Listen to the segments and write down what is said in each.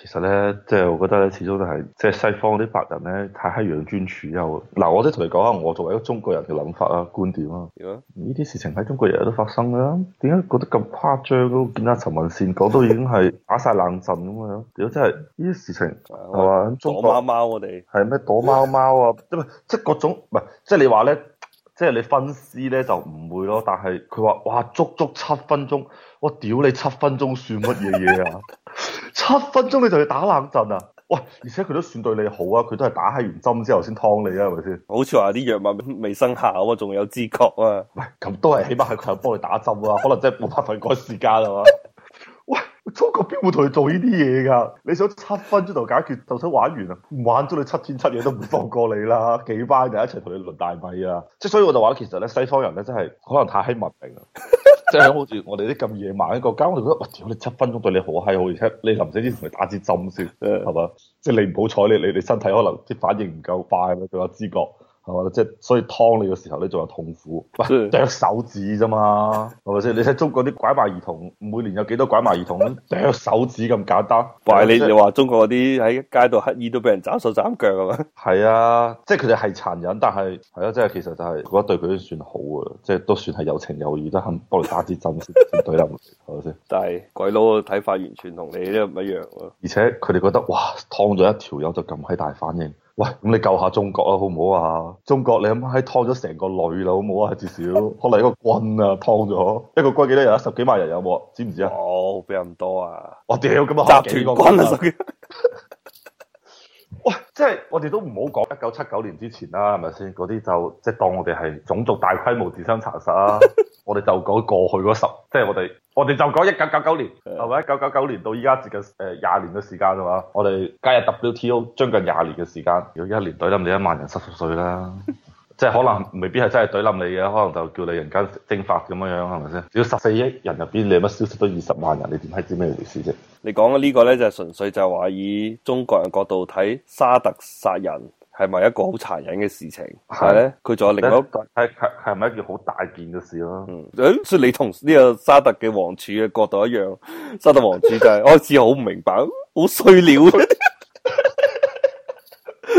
其實咧，即係我覺得咧，始終都係即係西方啲白人咧，太閪養尊處優嗱、啊，我都同你講下，我作為一個中國人嘅諗法啊，觀點啊，呢啲樣事情喺中國日日都發生噶啦、啊，點解覺得咁誇張、啊？見到陳文善講都已經係打晒冷震咁樣。如果真係呢啲事情係嘛，躲貓貓我哋係咩躲貓貓啊？即係即係各種唔係，即係你話咧。即係你分屍咧就唔會咯，但係佢話哇足足七分鐘，我屌你七分鐘算乜嘢嘢啊？七分鐘你就要打冷震啊？喂，而且佢都算對你好啊，佢都係打開完針之後先劏你啊，係咪先？好似話啲藥物未，未生效啊，仲有知覺啊？喂，咁都係起碼係佢有幫你打針啊，可能真係冇八分鐘時間嘛、啊。 中國邊會同佢做呢啲嘢噶？你想七分鐘就解決就想玩完啊？玩咗你七天七夜都唔放過你啦！幾班人一齊同你輪大米啊！即係所以我就話咧其實咧西方人咧真係可能太希文明啦，即係 好似我哋啲咁野蠻嘅國家，我哋覺得我屌、哎、你七分鐘對你好嗨，而且你臨死之前同佢打支針先係嘛？即係你唔好彩，你你你身體可能啲反應唔夠快，仲有知覺。即係所以劏你嘅時候，你仲有痛苦，剁手指啫嘛，係咪先？你睇中國啲拐賣兒童，每年有幾多拐賣兒童，剁手指咁簡單？話你你話中國嗰啲喺街度乞兒都俾人斬手斬腳啊？係啊，即係佢哋係殘忍，但係係咯，即係其實就係覺得對佢都算好啊，即係都算係有情有義，都肯幫你打支針先懟冧，係咪先？但係鬼佬嘅睇法完全同你都唔一樣咯、啊。而且佢哋覺得哇，劏咗一條友就咁喺大反應。喂，咁你救下中國啦，好唔好啊？中國你諗下拖咗成個女啦，好唔好啊？至少可能一個軍啊，拖咗一個軍幾多人啊？十幾萬人有冇知唔知啊？好、哦，畀咁多啊！我屌，咁啊集團軍啊，啊 喂，即係我哋都唔好講一九七九年之前啦，係咪先？嗰啲就即係當我哋係種族大規模自相殘殺啊！ 我哋就講過去嗰十，即係我哋。我哋就講一九九九年，係咪一九九九年到依家接近誒廿年嘅時間係嘛？我哋加入 WTO 將近廿年嘅時間，如果一年懟冧你一萬人濕濕碎啦，即係可能未必係真係懟冧你嘅，可能就叫你人間蒸發咁樣樣係咪先？如果十四億人入邊，你乜消失都二十萬人，你點係知咩回事啫？你講嘅呢個咧就係、是、純粹就係話以中國人角度睇沙特殺人。係咪一個好殘忍嘅事情？係咧、嗯，佢仲有另外一個係係係咪一件好大件嘅事咯？嗯，所以你同呢個沙特嘅王儲嘅角度一樣，沙特王儲就係、是、 我之前好唔明白，好碎料，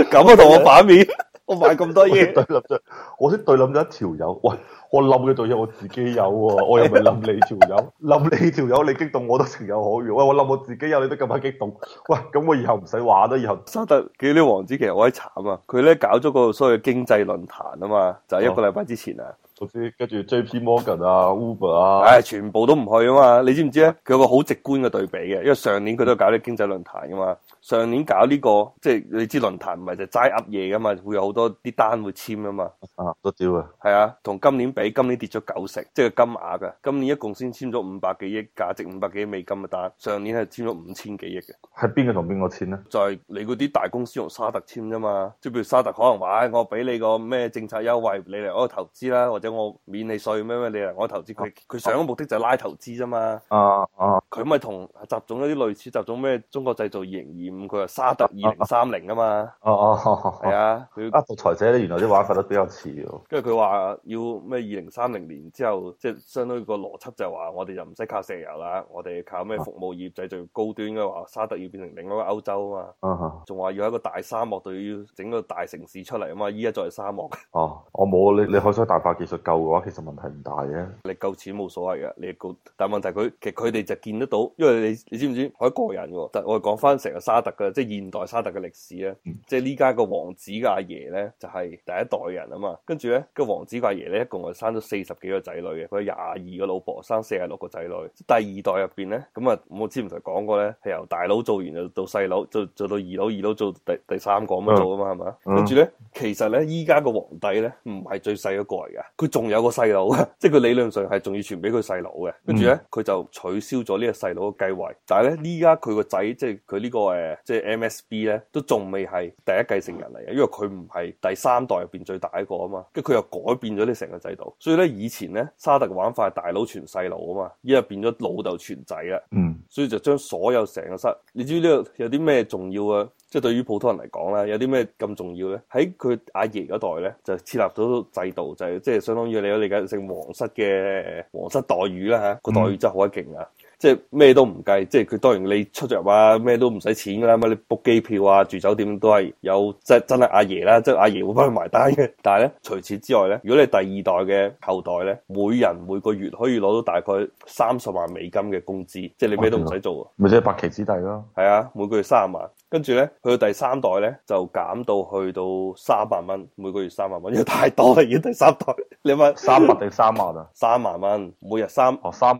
咁啊同我反面， 我買咁多嘢對立咗，我先對冧咗一條友，喂。我諗呢度嘢我自己有喎、哦，我又唔係諗你條友，諗 你條友你激動我都情有可原。喂，我諗我自己有你都咁快激動，喂，咁我以後唔使玩啦，以後。沙特嘅啲王子其實好閪慘啊，佢咧搞咗個所謂經濟論壇啊嘛，就係、是、一個禮拜之前啊。總之、哦，跟住 JPMorgan 啊、Uber 啊，唉、哎，全部都唔去啊嘛。你知唔知啊？佢有個好直觀嘅對比嘅，因為上年佢都搞呢經濟論壇噶嘛。上年搞呢、這個，即係你知論壇唔係就齋噏嘢噶嘛，會有好多啲單會簽噶嘛。啊，都照啊。係啊，同今年。比今年跌咗九成，即係金額嘅。今年一共先簽咗五百幾億，價值五百幾美金嘅單。上年係簽咗五千幾億嘅。係邊個同邊個簽咧？就係你嗰啲大公司同沙特簽啫嘛。即係譬如沙特可能話、哎：我俾你個咩政策優惠，你嚟我度投資啦，或者我免你稅咩咩你嚟我投資。佢佢上嘅目的就係拉投資啫嘛。哦哦，佢咪同習總一啲類似習總咩？中國製造二零二五，佢話沙特二零三零啊嘛。哦哦，係啊。佢，啊，獨裁者，原來啲玩法都比較似喎。跟住佢話要咩？二零三零年之後，即係相當於個邏輯就話，我哋就唔使靠石油啦，我哋靠咩服務業製造高端嘅話，沙特要變成另一個歐洲啊嘛。仲話、啊啊、要一個大沙漠都要整個大城市出嚟啊嘛。依家再係沙漠。哦、啊，我冇你，你海水淡化技術夠嘅話，其實問題唔大嘅。你夠錢冇所謂嘅，你夠，但係問題佢其實佢哋就見得到，因為你你知唔知我一個人喎？但係我講翻成個沙特嘅，即係現代沙特嘅歷史啊。即係呢家個王子嘅阿爺咧，就係第一代人啊嘛。跟住咧，個王子嘅阿爺咧，一共係。生咗四十幾個仔女嘅，佢廿二個老婆生四廿六個仔女。第二代入邊咧，咁、嗯、啊，我之前就佢講過咧，係由大佬做完就到細佬就做到二佬，二佬做第第三個咁樣做啊嘛，係咪？跟住咧，其實咧，依家個皇帝咧唔係最細一個嚟嘅，佢仲有個細佬，即係佢理論上係仲要傳俾佢細佬嘅。跟住咧，佢就取消咗呢個細佬嘅繼位。但係咧，依家佢個仔即係佢呢個誒，即係 M S B 咧，都仲未係第一繼承人嚟嘅，因為佢唔係第三代入邊最大一個啊嘛。跟住佢又改變咗呢成個制度。所以咧，以前咧沙特嘅玩法係大佬傳細路啊嘛，而家變咗老豆傳仔啦。嗯，所以就將所有成個室，你知唔知呢度有啲咩重要啊？即係對於普通人嚟講咧，有啲咩咁重要咧？喺佢阿爺嗰代咧，就設立咗制度，就係即係相當於你有理解性皇室嘅皇室待遇啦吓，嗯、個待遇真係好鬼勁啊！即係咩都唔計，即係佢當然你出入啊咩都唔使錢㗎啦，咁你 book 機票啊住酒店都係有即係真係阿爺啦，即係阿爺會幫佢埋單嘅。但係咧，除此之外咧，如果你第二代嘅後代咧，每人每個月可以攞到大概三十萬美金嘅工資，即係你咩都唔使做啊，咪即係八旗子弟咯。係啊，每個月三十萬，跟住咧，去到第三代咧就減到去到三百蚊，每個月三百蚊，因為太多，而第三代你問三百定三萬啊？三萬蚊每日三哦三。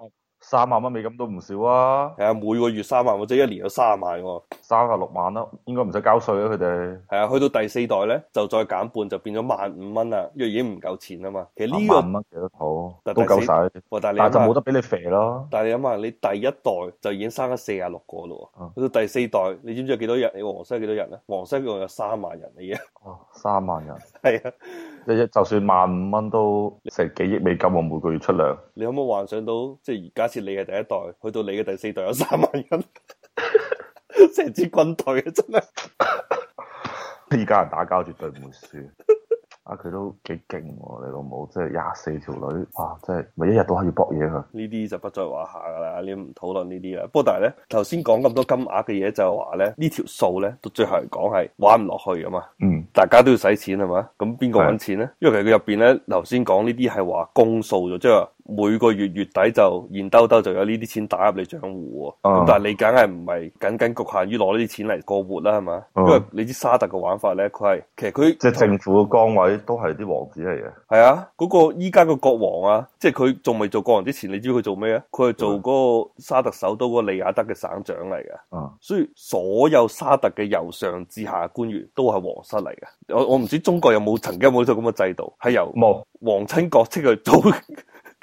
三萬蚊美金都唔少啊！係啊，每個月三萬或者一年有三萬個三啊六萬啦，36, 000，應該唔使交稅啊！佢哋係啊，去到第四代咧就再減半，就變咗萬五蚊啦，因為已經唔夠錢啊嘛。其實呢、這個萬五蚊幾多好，都夠使。夠但係你剛剛但就冇得俾你肥咯。但係你諗下，你第一代就已經生咗四十六個咯，去、嗯、到第四代，你知唔知有幾多人？你皇室幾多人咧？皇室共有三萬人嘅嘢。哦，三萬人。 係啊，一一就算萬五蚊都成幾億美金，我每個月出糧。你可唔可以幻想到，即係而家似你嘅第一代，去到你嘅第四代有三萬人成 支軍隊啊！真係，而家人打交絕對唔會輸。啊！佢都幾勁喎，你老母即係廿四條女，哇！即係咪一日都可以博嘢佢？呢啲就不在話下噶啦，你唔討論呢啲啦。不過但係咧，頭先講咁多金額嘅嘢，就係話咧，呢條數咧，到最後嚟講係玩唔落去噶嘛。嗯，大家都要使錢係嘛？咁邊個揾錢咧？的因為其實佢入邊咧，頭先講呢啲係話公數咗，即係話。每個月月底就現兜，兜兜就有呢啲錢打入你賬戶。咁、嗯、但係你梗係唔係僅僅局限於攞呢啲錢嚟過活啦，係嘛？嗯、因為你知沙特嘅玩法咧，佢係其實佢即係政府嘅崗位都係啲王子嚟嘅。係啊，嗰、那個依家個國王啊，即係佢仲未做國王之前，你知佢做咩啊？佢係做嗰個沙特首都個利雅德嘅省長嚟嘅。嗯、所以所有沙特嘅由上至下官員都係皇室嚟嘅。我我唔知中國有冇曾經冇咗咁嘅制度，係由皇親國戚去做。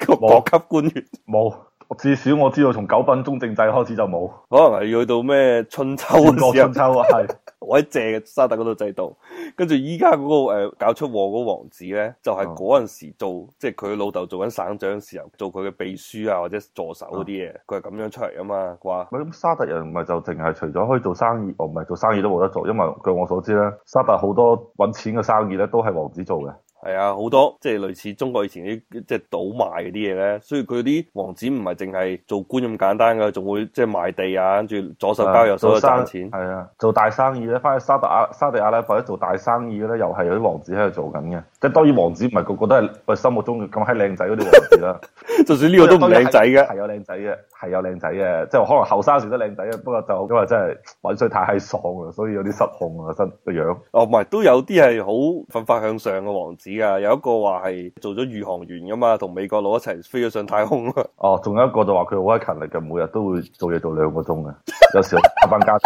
國級官員冇，至少我知道從九品中正制開始就冇，可能係要去到咩春秋嗰時候，戰國春秋啊係， 我係借沙特嗰度制度，跟住依家嗰個誒、呃、搞出禍嗰個王子咧，就係嗰陣時做，嗯、即係佢老豆做緊省長時候，做佢嘅秘書啊或者助手啲嘢，佢係咁樣出嚟啊嘛，啩？咁沙特人咪就淨係除咗可以做生意，哦唔係做生意都冇得做，因為據我所知咧，沙特好多搵錢嘅生意咧都係王子做嘅。係啊，好多即係類似中國以前啲即係倒賣嗰啲嘢咧，所以佢啲王子唔係淨係做官咁簡單噶，仲會即係賣地啊，跟住左手交右手賺錢，係啊，啊，做大生意咧，翻去沙特阿沙特阿拉伯做大生意咧，又係有啲王子喺度做緊嘅。即係當然王子唔係個個都係心目中咁閪靚仔嗰啲王子啦， 就算呢個都唔靚仔嘅，係有靚仔嘅，係有靚仔嘅，即係可能後生時都靚仔嘅，不過就因為真係飲水太閪爽啦，所以有啲失控啊，身個樣。 哦，唔係，都有啲係好奮發向上嘅王子。有一個話係做咗宇航員噶嘛，同美國佬一齊飛咗上太空啊！哦，仲有一個就話佢好鬼勤力嘅，每日都會做嘢做兩個鐘嘅，有時候加班加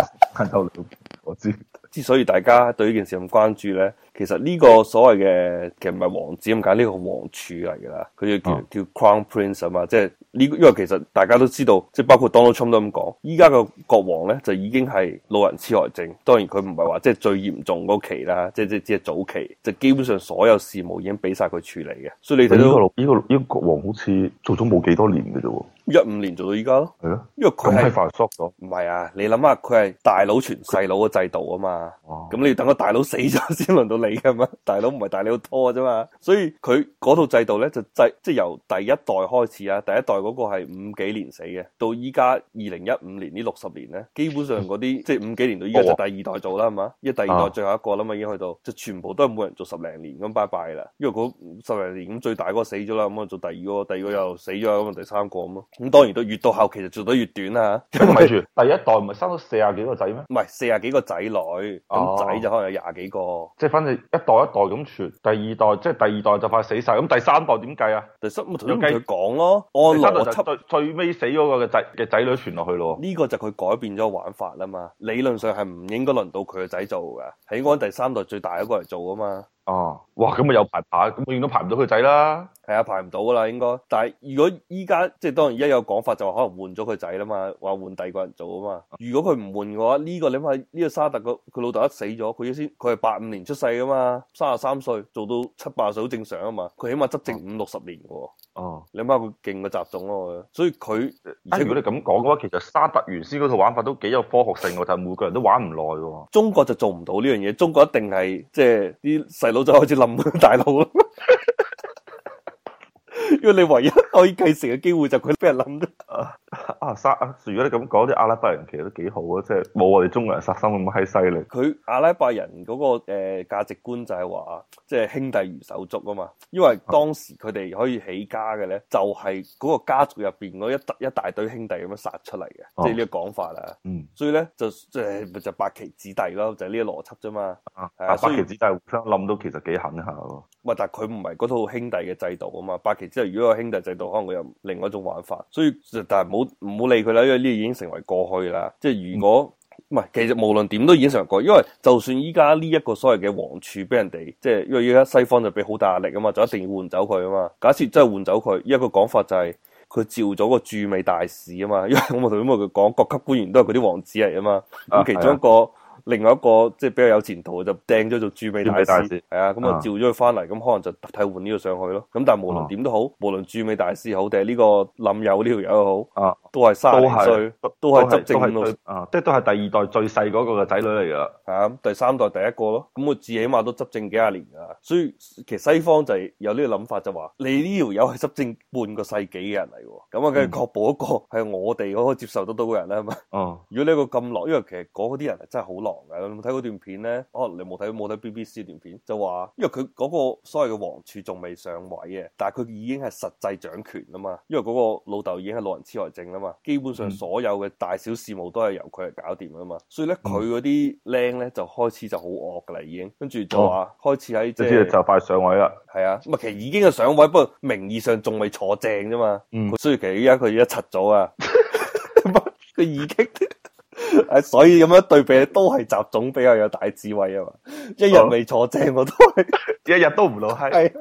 到 我知道。之所以大家對呢件事咁關注呢。其實呢個所謂嘅其實唔係王子咁解，呢個王儲嚟噶啦，佢叫叫 Crown Prince 啊嘛，即係呢，因為其實大家都知道，即係包括 Donald Trump 都咁講，依家個國王咧就已經係老人痴呆症，當然佢唔係話即係最嚴重嗰期啦，即係即係即係早期，就基本上所有事務已經俾晒佢處理嘅。所以你睇呢個呢個呢個國王好似做咗冇幾多年噶啫？一五年做到依家咯。係咯，因為佢係快速咗。唔係啊，你諗下佢係大佬傳細佬嘅制度啊嘛，咁你要等個大佬死咗先輪到你。係嘛， 大佬唔係大佬拖，啫嘛，所以佢嗰套制度咧就制，即係由第一代開始啊，第一代嗰個係五幾年死嘅，到依家二零一五年呢六十年咧，基本上嗰啲即係五幾年到依家就第二代做啦，係嘛，哦，因為第二代最後一個啦嘛，已經去到就全部都係冇人做十零年咁拜拜啦，因為嗰十零年咁最大嗰個死咗啦，咁啊做第二個，第二個又死咗，咁啊第，第，第三個咁咯，咁當然都越到後期就做得越短啦吓，就是，第一代唔係生咗四十幾個仔咩？唔係四十幾個仔女，咁仔，哦、就可能有廿幾個，即係反正。一代一代咁傳，第二代即係第二代就快死晒，咁第三代點計啊？第,第三代就咁講咯，按邏輯最最尾死嗰個嘅仔嘅仔女傳落去咯。呢個就佢改變咗玩法啦嘛。理論上係唔應該輪到佢嘅仔做㗎，係應該第三代最大一個嚟做啊嘛。哦、啊，哇，咁咪有排排，咁永遠都排唔到佢仔啦。係啊，排唔到噶啦，應該。但係如果依家即係當然，而家有講法就話可能換咗佢仔啦嘛，話換第二個人做啊嘛。如果佢唔換嘅話，呢、呢個你諗下呢個沙特個佢老豆一死咗，佢先佢係八五年出世噶嘛，三十三歲做到七八歲好正常啊嘛，佢起碼執政五六十年嘅喎。啊哦，oh。你媽個勁個雜種咯！所以佢，而且如果你咁講嘅話，其實沙特原先嗰套玩法都幾有科學性，就係、是、每個人都玩唔耐。中國就做唔到呢樣嘢，中國一定係即係啲細佬就開始冧佢大佬咯，因為你唯一可以繼承嘅機會就係佢俾人冧咗。 啊殺啊！如果你咁講，啲阿拉伯人其實都幾好啊，即係冇我哋中國人殺心咁閪犀利。佢阿拉伯人嗰個誒價值觀就係話，即係兄弟如手足啊嘛。因為當時佢哋可以起家嘅咧，就係嗰個家族入邊嗰一一大堆兄弟咁樣殺出嚟嘅，即係呢個講法啦。嗯，所以咧就即係咪就八旗子弟咯，就係呢個邏輯啫嘛。啊，八旗子弟互相諗到其實幾狠下咯。喂，但係佢唔係嗰套兄弟嘅制度啊嘛。八旗之後，如果個兄弟制度，可能佢有另外一種玩法。所以就但係冇。唔好理佢啦，因為呢啲已經成為過去啦。即係如果唔係，其實無論點都已經成為過去。因為就算依家呢一個所謂嘅王儲俾人哋，即係因為依家西方就俾好大壓力啊嘛，就一定要換走佢啊嘛。假設真係換走佢，一個講法就係佢召咗個駐美大使啊嘛。因為我哋同佢講，各級官員都係佢啲王子嚟啊嘛。咁、嗯、其中一個。另外一個即係比較有前途，就掟咗做駐美大使，係啊，咁我召咗佢翻嚟，咁、啊、可能就替換呢個上去咯。咁但係無論點都好，啊、無論駐美大使好定係呢個林友呢條友都好，啊，都係三十歲，都係是是執政咁耐，啊，即係都係第二代最細嗰個嘅仔女嚟㗎，係啊，第三代第一個咯。咁我至少起碼都執政幾廿年㗎，所以其實西方就係有呢個諗法就話、是，你呢條友係執政半個世紀嘅人嚟㗎，咁我梗係確保一個係我哋可以接受得到嘅人啦，咁啊、嗯嗯嗯嗯，如果呢個咁耐，因為其實嗰啲人係真係好耐。冇睇過嗰段片呢？哦，你冇睇冇睇 BBC 段片就話，因為佢嗰個所謂嘅皇儲仲未上位嘅，但係佢已經係實際掌權啊嘛，因為嗰個老豆已經係老人癡呆、呃、症啊嘛，基本上所有嘅大小事務都係由佢嚟搞掂啊嘛，所以呢，佢嗰啲靚呢，就開始就好惡噶啦，已經跟住就話開始喺即、哦就係、就快上位啦，係啊，咁啊其實已經係上位，不過名義上仲未坐正啫嘛，嗯、所以其實依家佢一七咗啊，佢 已經。 所以咁樣對比都係習總比較有大智慧啊嘛，一日未坐正我、oh. 都係一日都唔老閪。